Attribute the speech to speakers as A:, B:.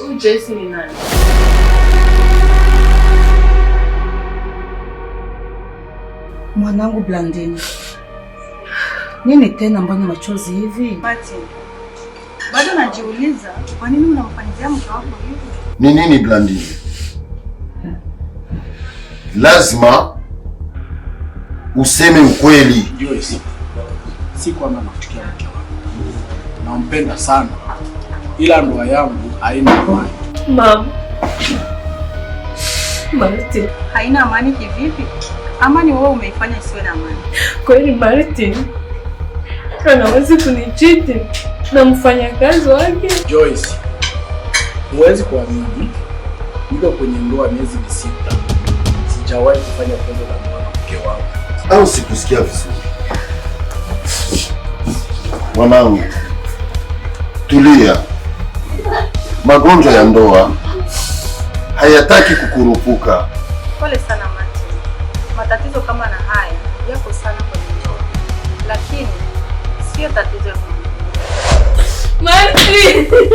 A: Huyu Joyce ni nani?
B: Mwanangu Blandini, nini tena, mbona machozi hivi?
A: Martin, bado najiuliza kwa nini unamfanyia mke wako hivi?
C: Ni nini Blandini? Lazima useme ukweli.
D: Joyce, si kwamba nakuchukia mke wako nampenda sana, ila ndoa yangu haina amani.
B: Mama, Martin
A: haina amani kivipi? Amani wewe umeifanya isiwe na amani.
B: Kweli Martin anawezi kunichiti na mfanyakazi wake
D: Joyce. Huwezi kuamini, niko kwenye ndoa miezi misita, sijawahi kufanya tendo la ndoa na mke wangu.
C: Au sikusikia vizuri mwanangu? Tulia. Magonjwa ya ndoa hayataki kukurupuka.
A: Pole sana Mati, Matatizo kama na haya yako sana kwenye ndoa, lakini sio tatizo ya
B: Martin.